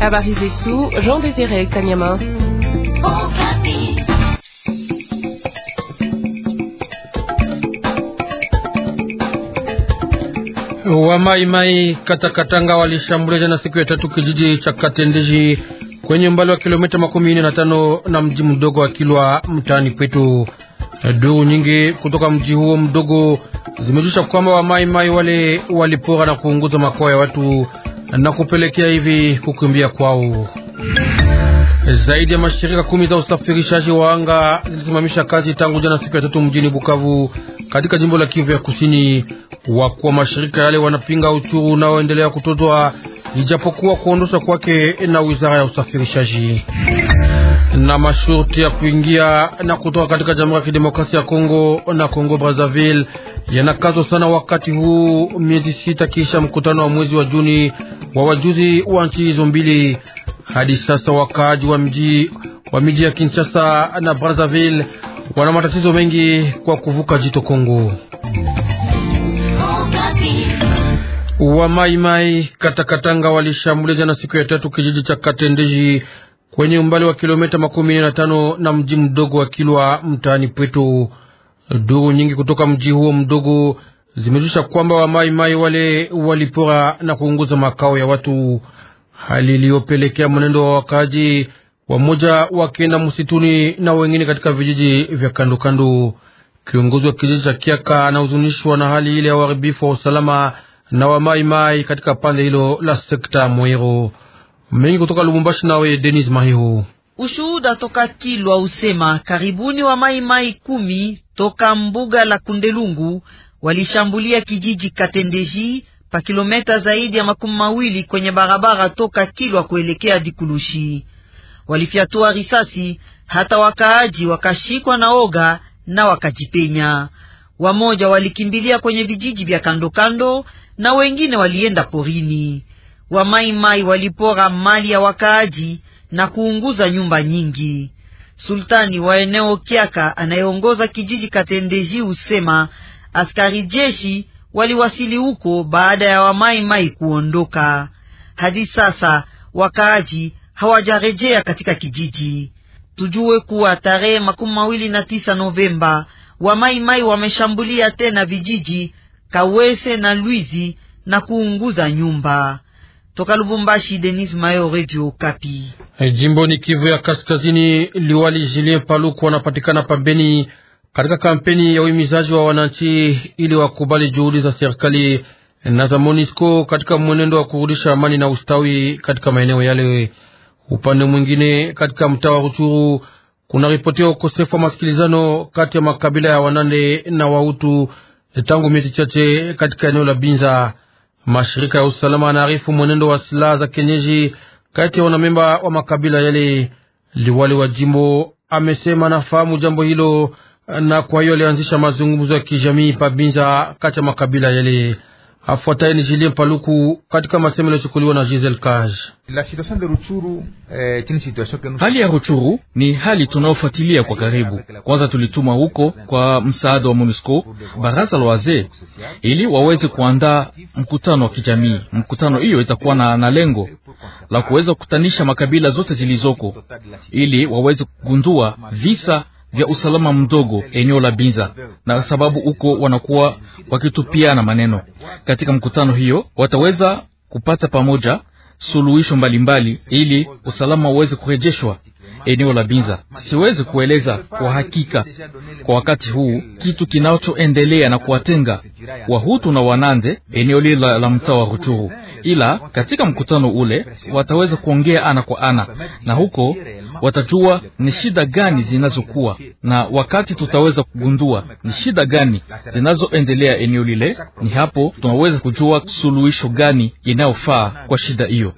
Habari zetu Jean Désiré Kanyama. Wamaimai katakatanga walishambulia jana siku ya tatu kijiji cha Katendeji kwenye umbali wa kilomita makumi nne na tano na mji mdogo wa Kilwa mtaani Pweto. Duru nyingi kutoka mji huo mdogo zimejisha kwamba wamaimai wale walipora na kuunguza makoa ya watu na kupelekea hivi kukimbia kwao. Zaidi ya mashirika kumi za usafirishaji wa anga zilisimamisha kazi tangu jana siku ya tatu mjini Bukavu katika jimbo la Kivu ya Kusini. Wakuwa mashirika yale wanapinga uchuru unaoendelea kutozwa ijapokuwa kuondoshwa kwake na wizara ya usafirishaji na masharti ya kuingia na kutoka katika Jamhuri ya Kidemokrasia ya Kongo na Kongo Brazzaville yanakazwa sana wakati huu, miezi sita kisha mkutano wa mwezi wa Juni wa wajuzi wa nchi hizo mbili. Hadi sasa wakaaji wa mji wa miji ya Kinshasa na Brazzaville wana matatizo mengi kwa kuvuka jito Kongo. Wamaimai Katakatanga walishambulia jana siku ya tatu kijiji cha Katendeji kwenye umbali wa kilomita makumi na tano na mji mdogo wa Kilwa mtaani Pweto. Duru nyingi kutoka mji huo mdogo zimezusha kwamba wamaimai wale walipora na kuunguza makao ya watu, hali iliyopelekea mwenendo wa wakaaji, wamoja wakienda msituni na wengine katika vijiji vya kandokando. Kiongozi wa kijiji cha Kiaka anahuzunishwa na hali ile ya uharibifu wa usalama na wamaimai katika pande hilo la sekta Mwero. Mengi kutoka Lubumbashi, nawe Denis Mahihu, Ushuhuda toka Kilwa usema karibuni wa maimai kumi toka mbuga la Kundelungu walishambulia kijiji Katendeji pa kilomita zaidi ya makumi mawili kwenye barabara toka Kilwa kuelekea Dikulushi. Walifyatua risasi hata wakaaji wakashikwa na oga na wakajipenya. Wamoja walikimbilia kwenye vijiji vya kandokando na wengine walienda porini wa Maimai walipora mali ya wakaaji na kuunguza nyumba nyingi. Sultani wa eneo Kiaka anayeongoza kijiji Katendeji usema askari jeshi waliwasili huko baada ya Wamaimai kuondoka. Hadi sasa wakaaji hawajarejea katika kijiji. Tujue kuwa tarehe makumi mawili na tisa Novemba Wamaimai wameshambulia tena vijiji Kawese na Lwizi na kuunguza nyumba. Toka Lubumbashi, Denis Mayo, Radio Kapi. Eh, Jimboni Kivu ya Kaskazini, liwali Julien Paluku wanapatikana pambeni katika kampeni ya uhimizaji wa wananchi ili wakubali juhudi za serikali na za MONUSCO katika mwenendo wa kurudisha amani na ustawi katika maeneo yale. Upande mwingine, katika mtaa wa Ruchuru kuna ripoti ya ukosefu wa masikilizano kati ya makabila ya Wanande na Wahutu tangu miezi chache katika eneo la Binza. Mashirika ya usalama yanaarifu mwenendo wa silaha za kienyeji kati ya wanamemba wa makabila yale. Liwali wa jimbo amesema anafahamu jambo hilo, na kwa hiyo alianzisha mazungumzo ya kijamii Pabinza kati ya makabila yale. Afuatayo ni Julien Paluku katika masemo yaliyochukuliwa na Gisel Kaj. Eh, hali ya Ruchuru ni hali tunayofuatilia kwa karibu. Kwanza tulituma huko kwa msaada wa MONUSCO baraza la wazee ili waweze kuandaa mkutano wa kijamii. Mkutano hiyo itakuwa na, na lengo la kuweza kukutanisha makabila zote zilizoko ili waweze kugundua visa vya usalama mdogo eneo la Binza, na sababu huko wanakuwa wakitupiana maneno. Katika mkutano hiyo wataweza kupata pamoja suluhisho mbalimbali ili usalama uweze kurejeshwa eneo la Binza. Siwezi kueleza kwa hakika kwa wakati huu kitu kinachoendelea na kuwatenga Wahutu na Wanande eneo lile la, mtaa wa Ruchuru, ila katika mkutano ule wataweza kuongea ana kwa ana, na huko watajua ni shida gani zinazokuwa na wakati tutaweza kugundua ni shida gani zinazoendelea eneo lile, ni hapo tunaweza kujua suluhisho gani inayofaa kwa shida hiyo.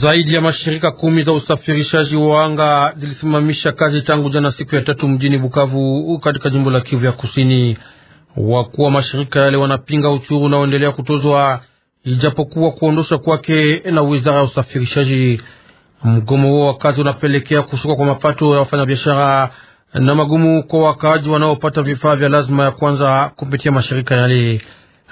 Zaidi ya mashirika kumi za usafirishaji wa anga zilisimamisha kazi tangu jana siku ya tatu mjini Bukavu katika jimbo la Kivu ya Kusini. Wakuu wa mashirika yale wanapinga uchuru unaoendelea kutozwa ijapokuwa kuondoshwa kwake na wizara ya usafirishaji. Mgomo huo wa kazi unapelekea kushuka kwa mapato ya wafanyabiashara na magumu kwa wakaaji wanaopata vifaa vya lazima ya kwanza kupitia mashirika yale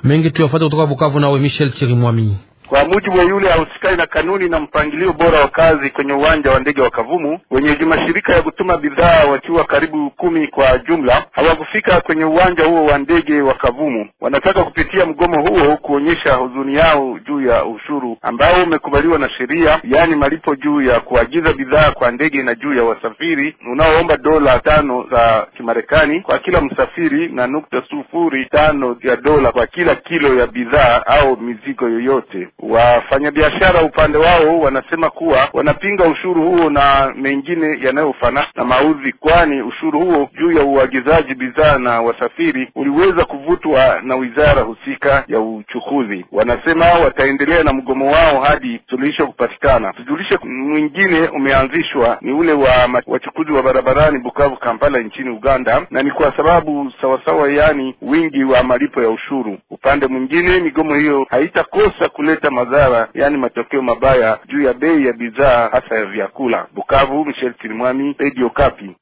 mengi. Tuyafata kutoka Bukavu nawe Michel Chirimwami. Kwa mujibu wa yule ahusikani na kanuni na mpangilio bora wa kazi kwenye uwanja wa ndege wa Kavumu, wenyeji mashirika ya kutuma bidhaa wakiwa karibu kumi kwa jumla hawakufika kwenye uwanja huo wa ndege wa Kavumu. Wanataka kupitia mgomo huo kuonyesha huzuni yao juu ya ushuru ambao umekubaliwa na sheria, yaani malipo juu ya kuagiza bidhaa kwa ndege na juu ya wasafiri unaoomba dola tano za Kimarekani kwa kila msafiri na nukta sufuri tano ya dola kwa kila kilo ya bidhaa au mizigo yoyote. Wafanyabiashara upande wao wanasema kuwa wanapinga ushuru huo na mengine yanayofanana na mauzi, kwani ushuru huo juu ya uagizaji bidhaa na wasafiri uliweza kuvutwa na wizara husika ya uchukuzi. Wanasema wataendelea na mgomo wao hadi suluhisho kupatikana. Tujulishe, mwingine umeanzishwa ni ule wa wachukuzi wa barabarani Bukavu, Kampala nchini Uganda, na ni kwa sababu sawasawa, yaani wingi wa malipo ya ushuru. Upande mwingine, migomo hiyo haitakosa kuleta kuleta madhara, yaani matokeo mabaya juu ya bei ya bidhaa hasa ya vyakula. Bukavu, Michel Kilimwami, Radio Kapi.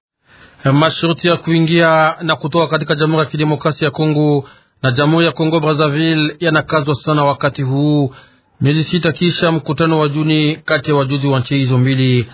Eh, masharti ya kuingia na kutoka katika Jamhuri ya Kidemokrasia ya Kongo na Jamhuri ya Kongo Brazzaville yanakazwa sana wakati huu, miezi sita kisha mkutano wa Juni kati ya wajuzi wa nchi hizo mbili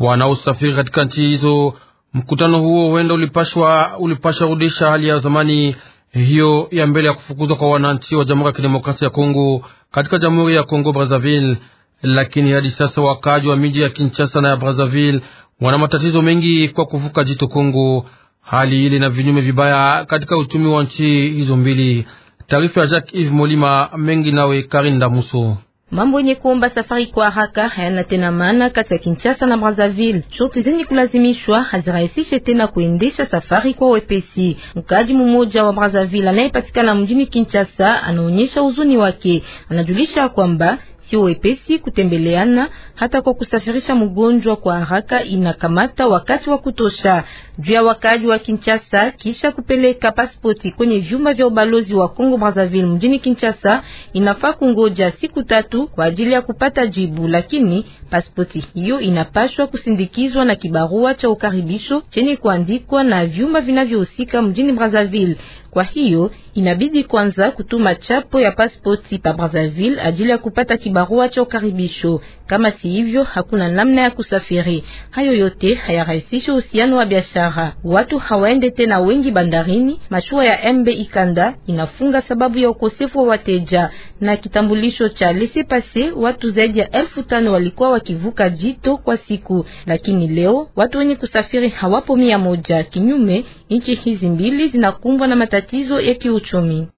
wanaosafiri katika nchi hizo. Mkutano huo huenda ulipashwa ulipasha rudisha hali ya zamani hiyo ya mbele ya kufukuzwa kwa wananchi wa Jamhuri ya Kidemokrasia ya Kongo katika Jamhuri ya Kongo Brazzaville. Lakini hadi sasa wakaaji wa miji ya Kinshasa na ya Brazzaville wana matatizo mengi kwa kuvuka jito Kongo, hali ile na vinyume vibaya katika uchumi wa nchi hizo mbili. Taarifa ya Jacques Yves Molima mengi nawe Karinda Muso. Mambo yenye kuomba safari kwa haraka hayana tena maana kati ya Kinshasa na Brazzaville. Shoti zenye kulazimishwa hazirahisishe tena kuendesha safari kwa wepesi. Mkaji mmoja wa Brazzaville anayepatikana mjini Kinshasa anaonyesha huzuni wake. Anajulisha kwamba sio wepesi kutembeleana hata kwa kusafirisha mgonjwa kwa haraka, inakamata wakati wa kutosha vya wakaaji wa Kinshasa kisha kupeleka pasipoti kwenye vyumba vya ubalozi wa Kongo Brazzaville mjini Kinshasa, inafaa kungoja siku tatu kwa ajili ya kupata jibu, lakini pasipoti hiyo inapashwa kusindikizwa na kibarua cha ukaribisho chenye kuandikwa na vyumba vinavyohusika mjini Brazzaville. Kwa hiyo inabidi kwanza kutuma chapo ya pasipoti pa Brazzaville ajili ya kupata kibarua cha ukaribisho. Kama si hivyo, hakuna namna ya kusafiri. Hayo yote hayarahisishi uhusiano wa biashara barabara. Watu hawaende tena wengi bandarini. Mashua ya MB Ikanda inafunga sababu ya ukosefu wa wateja na kitambulisho cha laissez passer. Watu zaidi ya elfu tano walikuwa wakivuka jito kwa siku, lakini leo watu wenye kusafiri hawapo mia moja. Kinyume, nchi hizi mbili zinakumbwa na matatizo ya kiuchumi.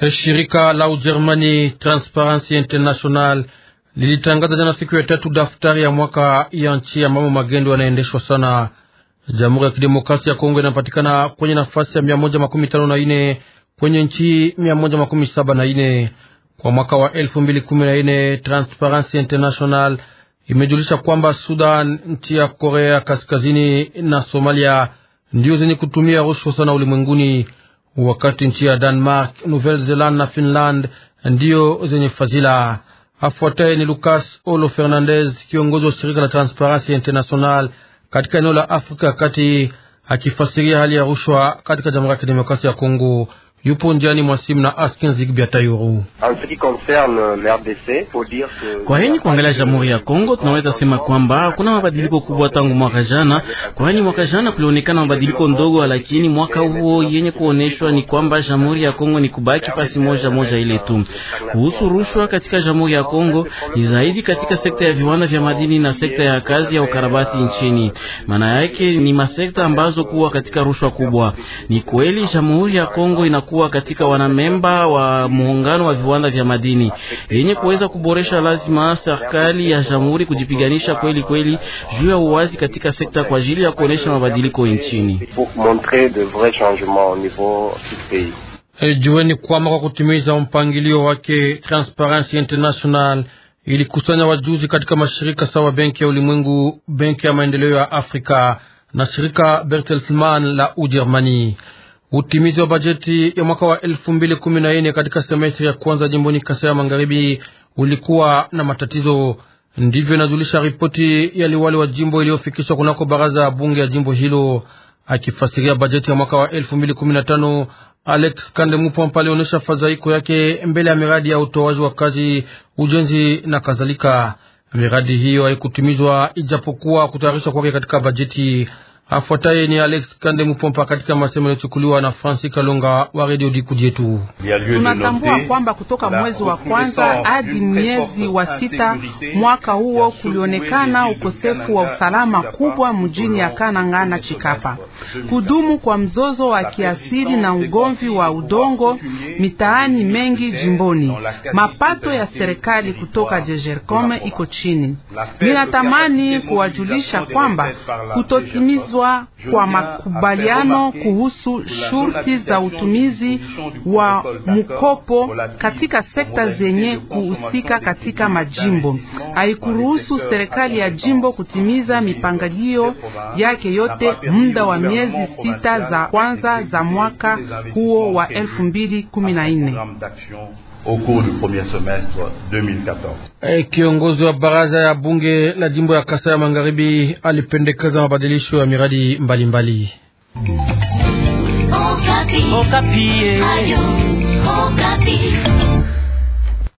Eh, shirika la Ujerumani Transparency International lilitangaza jana siku ya tatu daftari ya mwaka ya nchi ambamo magendo yanaendeshwa sana. Jamhuri ya Kidemokrasia ya Kongo inapatikana kwenye nafasi ya mia moja makumi tano na nne kwenye nchi mia moja makumi saba na nne kwa mwaka wa elfu mbili kumi na nne. Transparency International imejulisha kwamba Sudan, nchi ya Korea Kaskazini na Somalia ndio zenye kutumia rushwa sana ulimwenguni, wakati nchi ya Denmark, Nouvelle Zeland na Finland ndiyo zenye fadhila. Afuataye ni Lucas Olo Fernandez, kiongozi wa shirika la Transparency International katika eneo la Afrika kati akifasiria hali ya rushwa katika Jamhuri ya Kidemokrasia ya Kongo yupo njiani mwa simu na Askin Zigbia Tayuru. Kwa hini kuangalia Jamhuri ya Kongo, tunaweza sema kwamba kuna mabadiliko kubwa tangu mwaka jana. Kwa hini mwaka jana kulionekana mabadiliko ndogo, lakini mwaka huo yenye kuoneshwa ni kwamba Jamhuri ya Kongo ni kubaki pasi moja moja ile tu. Kuhusu rushwa katika Jamhuri ya Kongo ni zaidi katika sekta ya viwanda vya madini na sekta ya kazi ya ukarabati nchini. Maana yake ni masekta ambazo kuwa katika rushwa kubwa. Ni kweli Jamhuri ya Kongo ina kuwa katika wanamemba wa muungano wa viwanda vya madini yenye kuweza kuboresha. Lazima serikali ya jamhuri kujipiganisha kweli kweli juu ya uwazi katika sekta kwa ajili ya kuonesha mabadiliko nchini. Eh, Jueni kwamba kwa kutimiza mpangilio wake Transparency International ilikusanya wajuzi katika mashirika sawa Benki ya Ulimwengu, Benki ya Maendeleo ya Afrika na shirika Bertelsmann la Ujerumani. Utimizi wa bajeti ya mwaka wa elfu mbili kumi na nne katika semestri ya kwanza jimboni Kasai ya Magharibi ulikuwa na matatizo. Ndivyo inajulisha ripoti ya liwali wa jimbo iliyofikishwa kunako baraza ya bunge ya jimbo hilo. Akifasiria bajeti ya mwaka wa elfu mbili kumi na tano Alex Kandemupompa alionyesha fadhaiko yake mbele ya miradi ya utoaji wa kazi, ujenzi na kadhalika. Miradi hiyo haikutimizwa ijapokuwa kutayarishwa kwake katika bajeti. Afuataye ni Alex Kande Mupompa katika masemo yaliyochukuliwa na Francis Kalonga wa Radio Dikudi yetu. Tunatambua kwamba kutoka mwezi wa kwanza hadi miezi wa sita mwaka huo kulionekana ukosefu wa usalama kubwa mjini ya Kananga na Chikapa, kudumu kwa mzozo wa kiasili na ugomvi wa udongo mitaani mengi jimboni. Mapato ya serikali kutoka Jejercom iko chini. Ninatamani kuwajulisha kwamba kutotimizwa kutekelezwa kwa makubaliano kuhusu shurti za utumizi wa mkopo katika sekta zenye kuhusika katika majimbo. Haikuruhusu serikali ya jimbo kutimiza mipangilio yake yote muda wa miezi sita za kwanza za mwaka huo wa 2014. au cours du premier semestre 2014. Et eh, kiongozi wa baraza ya bunge la jimbo ya Kasai ya Magharibi alipendekeza mabadilisho ya miradi mbalimbali mbali. Okapi. Okapi. Eh. Ayo, okapi.